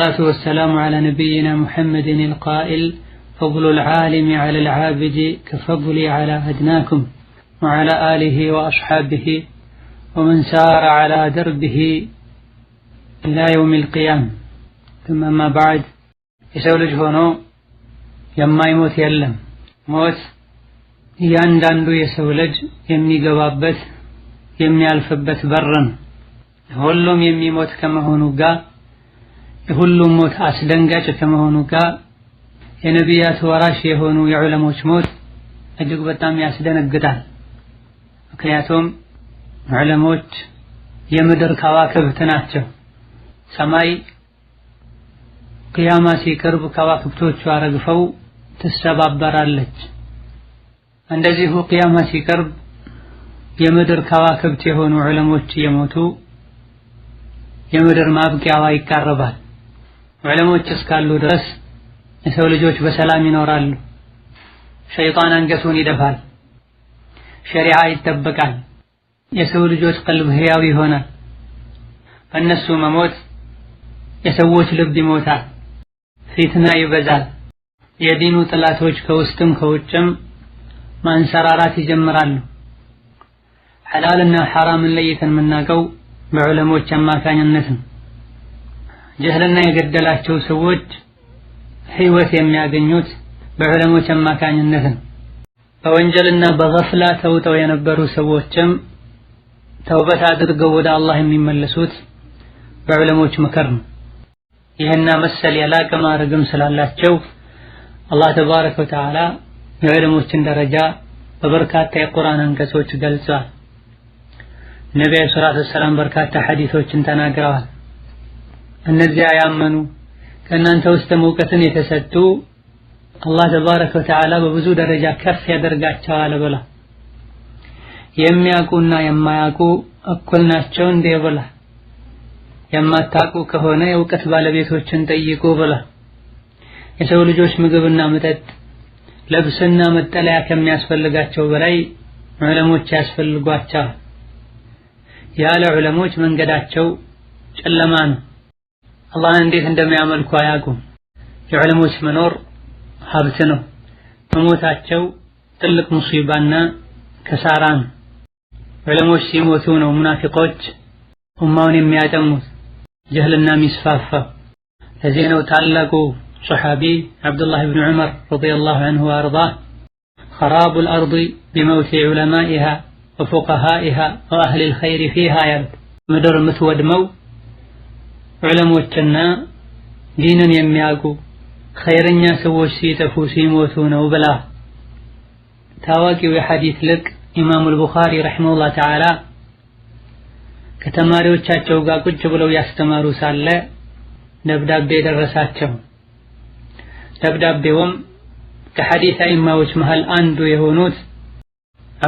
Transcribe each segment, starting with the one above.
والصلاة والسلام على نبينا محمد القائل فضل العالم على العابد كفضلي على أدناكم وعلى آله وأصحابه ومن سار على دربه إلى يوم القيامة ثم ما بعد يما يموت يلم موت የለም። ሞት እያንዳንዱ የሰው ልጅ የሚገባበት የሚያልፍበት በር ነው። ሁሉም የሚሞት ከመሆኑ ጋር የሁሉም ሞት አስደንጋጭ ከመሆኑ ጋር የነቢያት ወራሽ የሆኑ የዑለሞች ሞት እጅግ በጣም ያስደነግጣል። ምክንያቱም ዑለሞች የምድር ከዋክብት ናቸው። ሰማይ ቅያማ ሲቅርብ ከዋክብቶቹ አረግፈው ትሰባበራለች። እንደዚሁ ቅያማ ሲቀርብ የምድር ከዋክብት የሆኑ ዑለሞች እየሞቱ የምድር ማብቂያዋ ይቃረባል። ዑለሞች እስካሉ ድረስ የሰው ልጆች በሰላም ይኖራሉ። ሸይጣን አንገቱን ይደፋል፣ ሸሪዓ ይጠበቃል፣ የሰው ልጆች ቀልብ ህያው ይሆናል። በእነሱ መሞት የሰዎች ልብ ይሞታል፣ ፊትና ይበዛል። የዲኑ ጥላቶች ከውስጥም ከውጭም ማንሰራራት ይጀምራሉ። ሐላልና ሐራምን ለይተን የምናውቀው በዑለሞች አማካኝነት ነው። ጀህልና የገደላቸው ሰዎች ህይወት የሚያገኙት በዕለሞች አማካኝነት ነው። በወንጀልና በገፍላ ተውጠው የነበሩ ሰዎችም ተውበት አድርገው ወደ አላህ የሚመለሱት በዕለሞች ምክር ነው። ይህና መሰል የላቀ ማዕረግም ስላላቸው አላህ ተባረከ ወተዓላ የዕለሞችን ደረጃ በበርካታ የቁርአን አንቀጾች ገልጿል። ነቢያ ዐለይሂ ሰላቱ ወሰላም በርካታ ሐዲሶችን ተናግረዋል። እነዚያ ያመኑ ከእናንተ ውስጥ እውቀትን የተሰጡ አላህ ተባረከ ወተዓላ በብዙ ደረጃ ከፍ ያደርጋቸዋል ብላ የሚያውቁና የማያውቁ እኩል ናቸው እንዴ ብላ የማታውቁ ከሆነ የእውቀት ባለቤቶችን ጠይቁ ብላ የሰው ልጆች ምግብና መጠጥ ልብስና መጠለያ ከሚያስፈልጋቸው በላይ ዑለሞች ያስፈልጓቸዋል። ያለ ዑለሞች መንገዳቸው ጨለማ ነው። الله عنديه عندما يعمل كواياكم يعلموا منور حابتنه مموت أتشو تلك مصيبانا كساران علموا سيموتون ومنافقوش أمون ميات أموت جهلنا مصفافة لزينا وتعلقوا صحابي عبد الله بن عمر رضي الله عنه وأرضاه خراب الأرض بموت علمائها وفقهائها وأهل الخير فيها يرد مدر مثود موت ዑለሞችና ዲንን የሚያውቁ ኸይረኛ ሰዎች ሲጠፉ ሲሞቱ ነው ብላ ታዋቂው የሐዲት ልቅ ኢማሙል ቡኻሪ ረሒመሁላህ ተዓላ ከተማሪዎቻቸው ጋር ቁጭ ብለው ያስተማሩ ሳለ ደብዳቤ ደረሳቸው። ደብዳቤውም ከሐዲት አኢማዎች መሃል አንዱ የሆኑት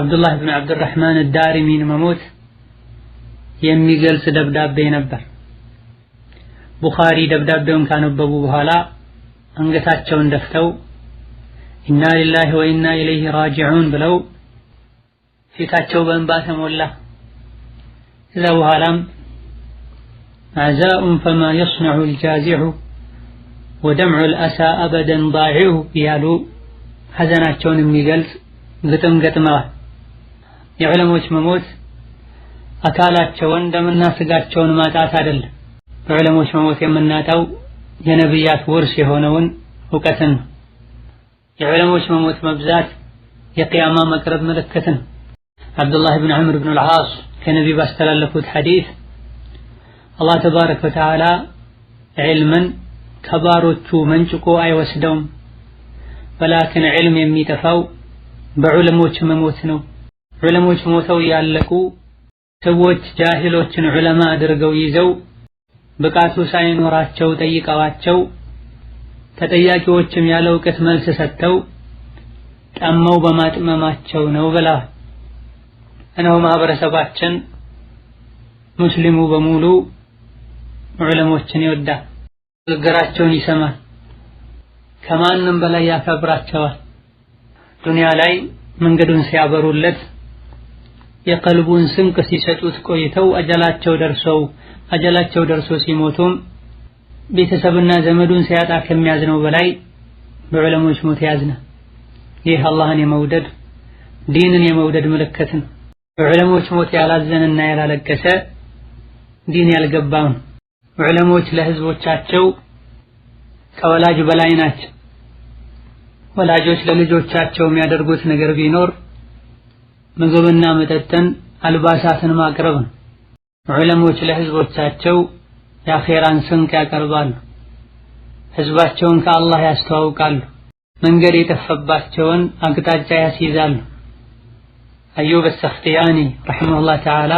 አብዱላህ ብን አብዱራሕማን ዳሪሚን መሞት የሚገልጽ ደብዳቤ ነበር። ቡኻሪ ደብዳቤውን ካነበቡ በኋላ አንገታቸውን ደፍተው ኢና ሊላሂ ወኢና ኢለይሂ ራጂዑን ብለው ፊታቸው በእንባ ተሞላ። ከዛ በኋላም አዛኡን ፈማ የስነዑ ልጃዚዑ ወደምዑ ልአሳ አበደን ዳዒዑ እያሉ ሐዘናቸውን የሚገልጽ ግጥም ገጥመዋል። የዑለሞች መሞት አካላቸውን ደምና ስጋቸውን ማጣት አይደለም። በዕለሞች መሞት የምናጣው የነብያት ውርስ የሆነውን እውቀትን ነው። የዕለሞች መሞት መብዛት የቅያማ መቅረብ ምልክትን። አብዱላህ ብን ዑምር ብን አልዓስ ከነቢ ባስተላለፉት ሐዲስ አላህ ተባረከ ወተዓላ ዒልምን ከባሮቹ መንጭቆ አይወስደውም፣ በላክን ዒልም የሚጠፋው በዑለሞች መሞት ነው። ዑለሞች ሞተው ያለቁ ሰዎች ጃሂሎችን ዑለማ አድርገው ይዘው ብቃቱ ሳይኖራቸው ጠይቀዋቸው ተጠያቂዎችም ያለ እውቀት መልስ ሰጥተው ጠመው በማጥመማቸው ነው ብለዋል። እነሆ ማህበረሰባችን ሙስሊሙ በሙሉ ዑለሞችን ይወዳል፣ ንግግራቸውን ይሰማል፣ ከማንም በላይ ያከብራቸዋል። ዱንያ ላይ መንገዱን ሲያበሩለት የቀልቡን ስንቅ ሲሰጡት ቆይተው አጀላቸው ደርሰው አጀላቸው ደርሶ ሲሞቱም ቤተሰብና ዘመዱን ሲያጣ ከሚያዝነው በላይ በዑለሞች ሞት ያዝነ። ይህ አላህን የመውደድ ዲንን የመውደድ ምልክት ነው። በዑለሞች ሞት ያላዘነና ያላለቀሰ ዲን ያልገባው ነው። ዑለሞች ለህዝቦቻቸው ከወላጅ በላይ ናቸው። ወላጆች ለልጆቻቸው የሚያደርጉት ነገር ቢኖር ምግብና መጠጥን አልባሳትን ማቅረብ ነው። ዑለሞች ለህዝቦቻቸው የአኼራን ስንቅ ያቀርባሉ። ህዝባቸውን ከአላህ ያስተዋውቃሉ። መንገድ የጠፈባቸውን አቅጣጫ ያስይዛሉ። አዩብ ሰፍቲያኒ ረሒመሁላህ ተዓላ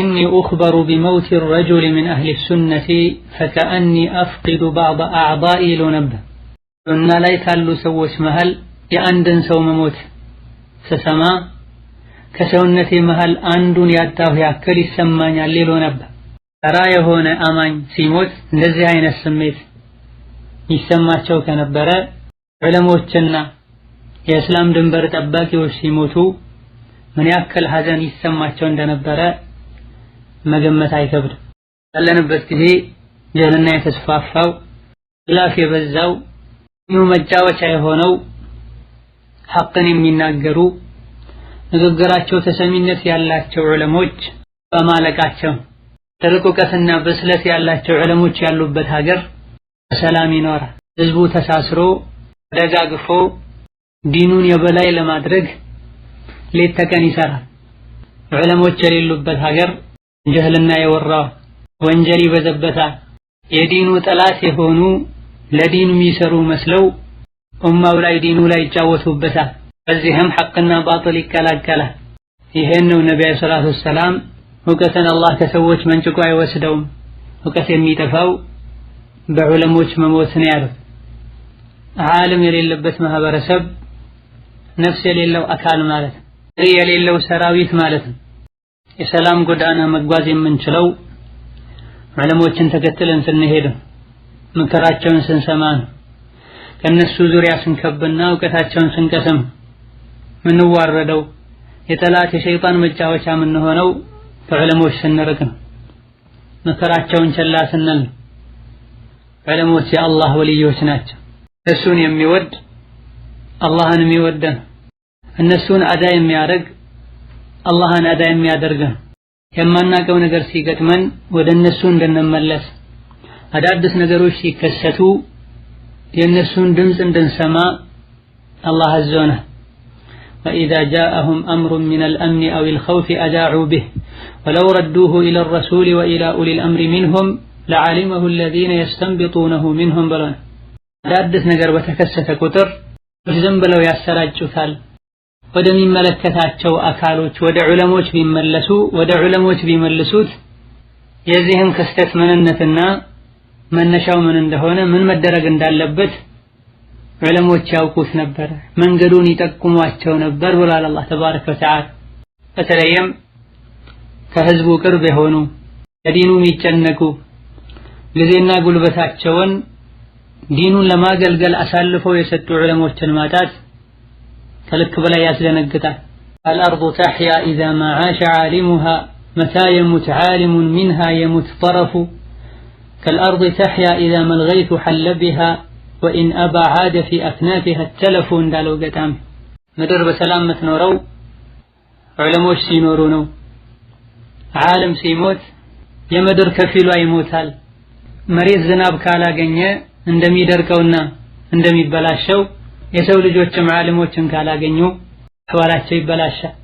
እኒ ኡኽበሩ ቢመውቲ ረጁል ምን አህሊ ሱነቲ ፈከአኒ አፍቂዱ ባዕድ አዕባኢ ይለው ነበር። እና ላይ ካሉ ሰዎች መሃል የአንድን ሰው መሞት ስሰማ ከሰውነቴ መሃል አንዱን ያጣሁ ያክል ይሰማኛል ይሎ ነበር። ተራ የሆነ አማኝ ሲሞት እንደዚህ አይነት ስሜት ይሰማቸው ከነበረ ዕለሞችና የእስላም ድንበር ጠባቂዎች ሲሞቱ ምን ያክል ሀዘን ይሰማቸው እንደነበረ መገመት አይከብድም። ያለንበት ጊዜ ጀህልና የተስፋፋው ላፍ የበዛው ይሁ መጫወቻ የሆነው ሐቅን የሚናገሩ ንግግራቸው ተሰሚነት ያላቸው ዑለሞች በማለቃቸው ጥልቅ እውቀትና ብስለት ያላቸው ዑለሞች ያሉበት ሀገር በሰላም ይኖራል። ህዝቡ ተሳስሮ ተደጋግፎ ዲኑን የበላይ ለማድረግ ሌት ተቀን ይሰራል። ዑለሞች የሌሉበት ሀገር ጀህልና የወራው ወንጀል ይበዘበታል። የዲኑ ጠላት የሆኑ ለዲኑ የሚሰሩ መስለው ኡማው ላይ ዲኑ ላይ ይጫወቱበታል። በዚህም ሐቅና ባጥል ይቀላቀላል። ይሄን ነው ነቢዩ ዓለይሂ ሰላቱ ወሰላም እውቀትን አላህ ከሰዎች መንጭቆ አይወስደውም፣ እውቀት የሚጠፋው በዑለሞች መሞት ነው ያሉት። ዓለም የሌለበት ማህበረሰብ ነፍስ የሌለው አካል ማለት ነው፣ የሌለው ሰራዊት ማለት ነው። የሰላም ጎዳና መጓዝ የምንችለው ዑለሞችን ተከትለን ስንሄድ፣ ምክራቸውን ስንሰማ ነው። ከነሱ ዙሪያ ስንከብና እውቀታቸውን ስንቀስም ምንዋረደው የጠላት የሸይጣን መጫወቻ የምንሆነው ከዕለሞች ስንርቅ ነው። መከራቸውን ቸላ ስንል ነው። ዕለሞች የአላህ ወልዮች ናቸው። እሱን የሚወድ አላህን የሚወደ ነው። እነሱን አዳ የሚያደርግ አላህን አዳ የሚያደርግ ነው። የማናቀው ነገር ሲገጥመን ወደ እነሱ እንድንመለስ አዳዲስ ነገሮች ሲከሰቱ የእነሱን ድምፅ እንድንሰማ አላህ አዞነህ። ፈኢዛ ጃአሁም አምሩን ሚነል አምኒ አዊል ኸውፊ አዛዑ ቢህ ወለው ረዱሁ ኢለር ረሱሊ ወኢላ ኡሊል አምሪ ሚንሁም ለዓሊመሁ አለዚነ የስተንቢጡነሁ ሚንሁም ብሎነ። አዳዲስ ነገር በተከሰተ ቁጥር ዝም ብለው ያሰራጩታል። ወደሚመለከታቸው አካሎች ወደ ዑለሞች ቢመለሱ ወደ ዑለሞች ቢመልሱት የዚህም ክስተት ምንነትና መነሻው ምን እንደሆነ ምን መደረግ እንዳለበት ዕለሞች ያውቁት ነበር፣ መንገዱን ይጠቁሟቸው ነበር ብሏል አላህ ተባረከ ወተዓላ። በተለይም ከህዝቡ ቅርብ የሆኑ ለዲኑ የሚጨነቁ ጊዜና ጉልበታቸውን ዲኑን ለማገልገል አሳልፈው የሰጡ ዕለሞችን ማጣት ከልክ በላይ ያስደነግጣል። አልአርዱ ተሕያ ኢዛ ማ ዓሸ ዓሊሙሃ መታ የሙት ዓሊሙን ሚንሃ የሙት ጠረፉ كالأرض تحيا إذا ما الغيث حل بها وإن أبى عاد في أكنافها التلف እንዳለው ገጣሚ ምድር በሰላም የምትኖረው ዑለሞች ሲኖሩ ነው። ዓለም ሲሞት የምድር ከፊሉ ይሞታል። መሬት ዝናብ ካላገኘ እንደሚደርቀውና እንደሚበላሸው የሰው ልጆችም ዓለሞችን ካላገኙ ሕዋላቸው ይበላሻል።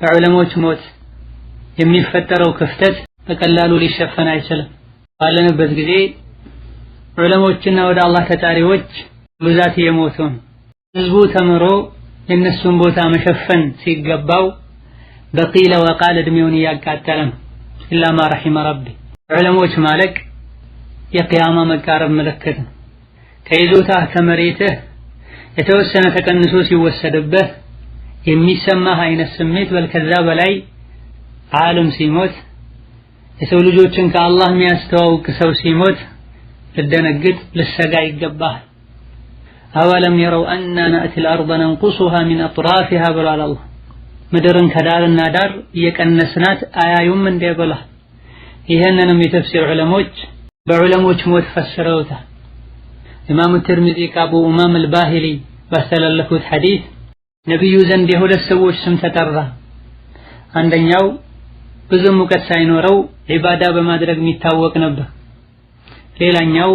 በዑለሞች ሞት የሚፈጠረው ክፍተት በቀላሉ ሊሸፈን አይችልም። ባለንበት ጊዜ ዑለሞችና ወደ አላህ ተጣሪዎች ብዛት እየሞቱ ነው። ህዝቡ ተምሮ የእነሱን ቦታ መሸፈን ሲገባው በቂለ ወቃል እድሜውን እያቃጠለ ነው። ኢላማ ረሒመ ረቢ። ዑለሞች ማለቅ የቅያማ መቃረብ ምልክት ነው። ከይዞታህ ከመሬትህ የተወሰነ ተቀንሶ ሲወሰድብህ የሚሰማህ አይነት ስሜት በልከዛ በላይ ዓለም ሲሞት የሰው ልጆችን ከአላህ የሚያስተዋውቅ ሰው ሲሞት ልደነግጥ ልሰጋ ይገባል። አወለም የረው አና ናእቲል አርደ ነንቁሱሃ ሚን አጥራፊሃ ብሏል አላህ። ምድርን ከዳርና ዳር እየቀነስናት አያዩም እንዴ ብሏል። ይህንንም የተፍሲር ዑለሞች በዑለሞች ሞት ፈስረውታል። ኢማሙ ትርሚዚ ከአቡ ኡማም አልባሂሊ ባስተላለፉት ሐዲስ ነቢዩ ዘንድ የሁለት ሰዎች ስም ተጠራ። አንደኛው ብዙም እውቀት ሳይኖረው ዒባዳ በማድረግ የሚታወቅ ነበር። ሌላኛው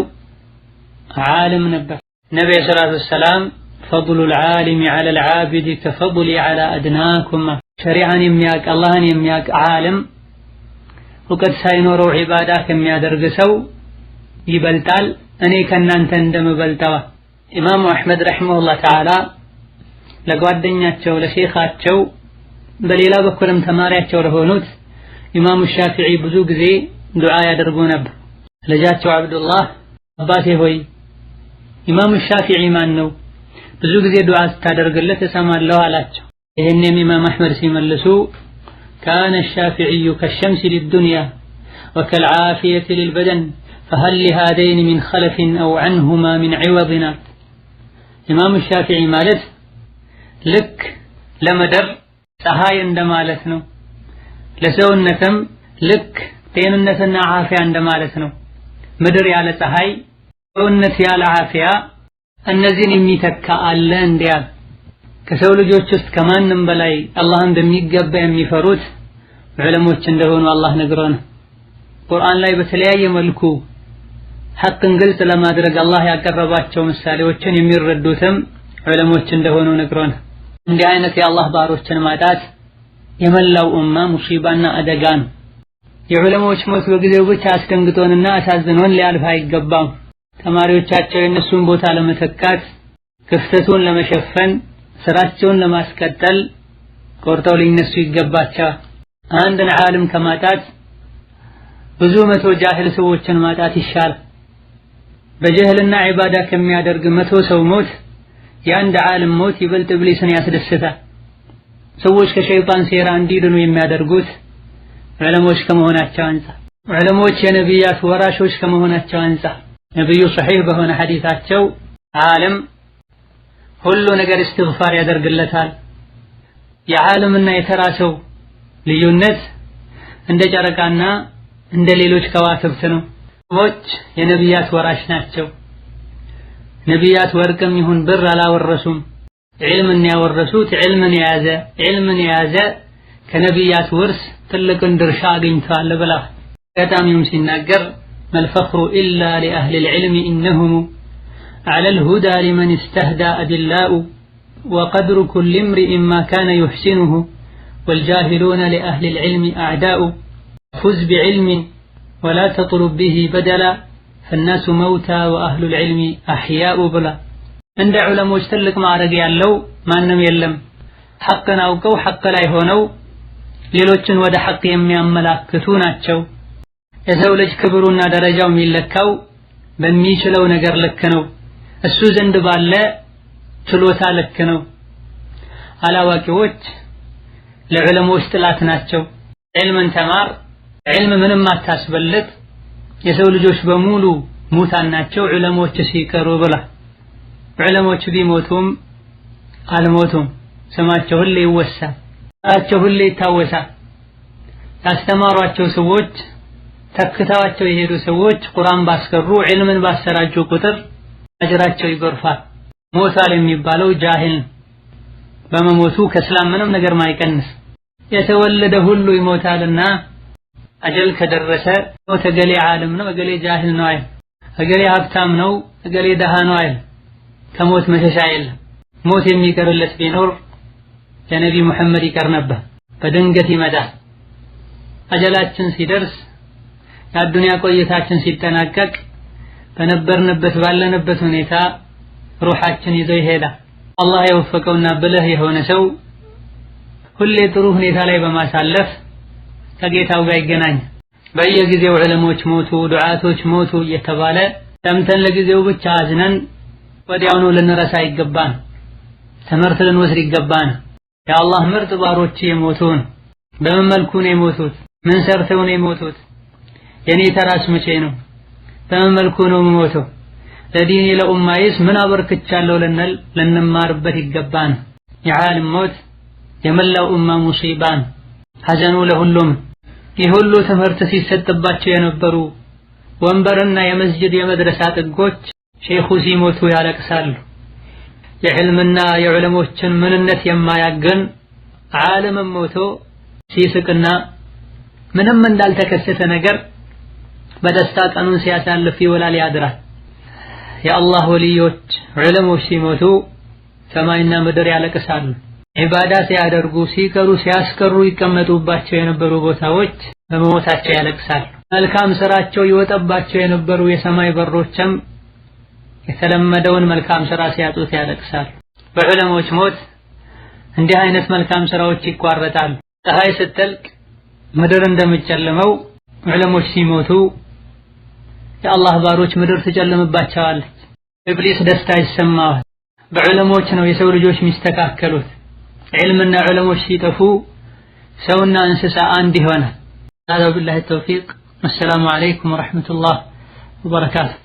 ዓለም ነበር። ነቢዩ ሰላቱ ወሰላም ፈድሉል ዓሊሚ ዐለል ዓቢድ ከፈድሊ ዐላ አድናኩማ፣ ሸሪዓን የሚያውቅ አላህን የሚያውቅ ዓለም እውቀት ሳይኖረው ዒባዳ ከሚያደርግ ሰው ይበልጣል፣ እኔ ከእናንተ እንደምበልጠዋል። ኢማሙ አሕመድ ረሒመሁላህ ተዓላ ለጓደኛቸው ለሼኻቸው በሌላ በኩልም ተማሪያቸው ለሆኑት ኢማሙ ሻፊዒ ብዙ ጊዜ ዱዓ ያደርጉ ነበር። ልጃቸው አብዱላህ አባቴ ሆይ ኢማሙ ሻፊዒ ማን ነው? ብዙ ጊዜ ዱዓ ስታደርግለት እሰማለሁ አላቸው። ይህንም ኢማም አሕመድ ሲመልሱ ካነ ሻፊዒዩ ከሸምሲ ሊዱንያ ወከልዓፊየቲ ሊልበደን ፈሀል ሊሃደይን ሚን ኸለፊን አው ዐንሁማ ሚን ዒወድን አሉ። ኢማሙ ሻፊዒ ማለት ልክ ለመደር ፀሐይ እንደማለት ነው። ለሰውነትም ልክ ጤንነትና አፍያ እንደማለት ነው። ምድር ያለ ፀሐይ፣ ሰውነት ያለ አፍያ እነዚህን የሚተካ አለ እንዲያ ከሰው ልጆች ውስጥ ከማንም በላይ አላህን በሚገባ የሚፈሩት ዑለሞች እንደሆኑ አላህ ነግሮን ቁርአን ላይ በተለያየ መልኩ ሐቅን ግልጽ ለማድረግ አላህ ያቀረባቸው ምሳሌዎችን የሚረዱትም ዑለሞች እንደሆኑ ነግሮን እንዲህ አይነት የአላህ ባሮችን ማጣት የመላው ኡማ ሙሲባና አደጋ ነው። የዑለማዎች ሞት በጊዜው ብቻ አስደንግጦንና አሳዝኖን ሊያልፍ አይገባም። ተማሪዎቻቸው የእነሱን ቦታ ለመተካት ክፍተቱን ለመሸፈን ስራቸውን ለማስቀጠል ቆርጠው ሊነሱ ይገባቸዋል። አንድን ዓለም ከማጣት ብዙ መቶ ጃህል ሰዎችን ማጣት ይሻላል። በጀህልና ዒባዳ ከሚያደርግ መቶ ሰው ሞት የአንድ ዓለም ሞት ይበልጥ ኢብሊስን ያስደስታል። ሰዎች ከሸይጣን ሴራ እንዲድኑ የሚያደርጉት ዕለሞች ከመሆናቸው አንጻር ዕለሞች የነቢያት ወራሾች ከመሆናቸው አንጻር ነቢዩ ሰሒህ በሆነ ሐዲታቸው ዓለም ሁሉ ነገር እስትግፋር ያደርግለታል። የዓለምና የተራ ሰው ልዩነት እንደ ጨረቃና እንደ ሌሎች ከዋክብት ነው። ሰዎች የነቢያት ወራሽ ናቸው። ነቢያት ወርቅም ይሁን ብር አላወረሱም። علምን ያወረሱት ዕልምን የያዘ كنبيات የያዘ تلك اندرشاق ትልቅን ድርሻ كتام يمسي النقر ما الفخر إلا لأهل العلم إنهم على الهدى لمن استهدى أدلاء وقدر كل امرئ ما كان يحسنه والجاهلون لأهل العلم أعداء فز بعلم ولا تطلب به بدلا فالناس موتى وأهل العلم أحياء بلا እንደ ዑለሞች ትልቅ ማዕረግ ያለው ማንም የለም። ሐቅን አውቀው ሐቅ ላይ ሆነው ሌሎችን ወደ ሐቅ የሚያመላክቱ ናቸው። የሰው ልጅ ክብሩና ደረጃው የሚለካው በሚችለው ነገር ልክ ነው። እሱ ዘንድ ባለ ችሎታ ልክ ነው። አላዋቂዎች ለዑለሞች ጥላት ናቸው። ዒልምን ተማር፣ ዕልም ምንም አታስበልጥ፣ የሰው ልጆች በሙሉ ሙታን ናቸው ዑለሞች ሲቀሩ ብሏል። ዕለሞቹ ቢሞቱም አልሞቱም። ስማቸው ሁሌ ይወሳል፣ ቸው ሁሌ ይታወሳል። ያስተማሯቸው ሰዎች ተክተዋቸው የሄዱ ሰዎች ቁርአን ባስቀሩ ዕልምን ባሰራጁ ቁጥር አጅራቸው ይጎርፋል። ሞቷል የሚባለው ጃሂል በመሞቱ ከእስላም ምንም ነገር ማይቀንስ የተወለደ ሁሉ ይሞታልና አጀል ከደረሰ እገሌ ዓለም ነው፣ እገሌ ጃሂል ነው አይል፣ እገሌ ሀብታም ነው፣ እገሌ ደሃ ነው አይል ከሞት መሸሻ የለም። ሞት የሚቀርለት ቢኖር ለነቢ ሙሐመድ ይቀር ነበር። በድንገት ይመጣል። አጀላችን ሲደርስ የአዱንያ ቆይታችን ሲጠናቀቅ በነበርንበት ባለንበት ሁኔታ ሩሃችን ይዞ ይሄዳል። አላህ የወፈቀውና ብልህ የሆነ ሰው ሁሌ ጥሩ ሁኔታ ላይ በማሳለፍ ከጌታው ጋር ይገናኝ። በየጊዜው ዕለሞች ሞቱ፣ ዱዓቶች ሞቱ እየተባለ ሰምተን ለጊዜው ብቻ አዝነን ወዲያውኑ ልንረሳ ይገባን። ትምህርት ልንወስድ ይገባን። የአላህ ምርጥ ባሮች የሞቱን በምን መልኩ ነው የሞቱት? ምን ሰርተው ነው የሞቱት? የኔ ተራስ መቼ ነው? በምን መልኩ ነው የሞተው? ለዲኔ ለኡማይስ ምን አበርክቻለሁ ልንል ልንማርበት ይገባን። የዓለም ሞት የመላው ኡማ ሙሲባን፣ ሐዘኑ ለሁሉም። ይህ ሁሉ ትምህርት ሲሰጥባቸው የነበሩ ወንበርና የመስጅድ የመድረሳ ጥጎች ሼኹ ሲሞቱ ያለቅሳሉ። የዕልምና የዑለሞችን ምንነት የማያገን ዓለምም ሞቶ ሲስቅና ምንም እንዳልተከሰተ ነገር በደስታ ቀኑን ሲያሳልፍ ይውላል ያድራል። የአላህ ወልዮች ዑለሞች ሲሞቱ ሰማይና ምድር ያለቅሳሉ። ዒባዳ ሲያደርጉ ሲቀሩ ሲያስቀሩ ይቀመጡባቸው የነበሩ ቦታዎች በመሞታቸው ያለቅሳሉ። መልካም ስራቸው ይወጠባቸው የነበሩ የሰማይ በሮችም የተለመደውን መልካም ስራ ሲያጡት ያለቅሳል። በዑለሞች ሞት እንዲህ አይነት መልካም ስራዎች ይቋረጣሉ። ፀሐይ ስትጠልቅ ምድር እንደምትጨልመው ዑለሞች ሲሞቱ የአላህ ባሮች ምድር ትጨልምባቸዋለች። ኢብሊስ ደስታ ይሰማዋል። በዑለሞች ነው የሰው ልጆች የሚስተካከሉት። ዒልምና ዑለሞች ሲጠፉ ሰውና እንስሳ አንድ ይሆናል። ሀዛ ቢላሂ ተውፊቅ። ወሰላሙ አለይኩም ወረሕመቱላህ ወበረካቱ።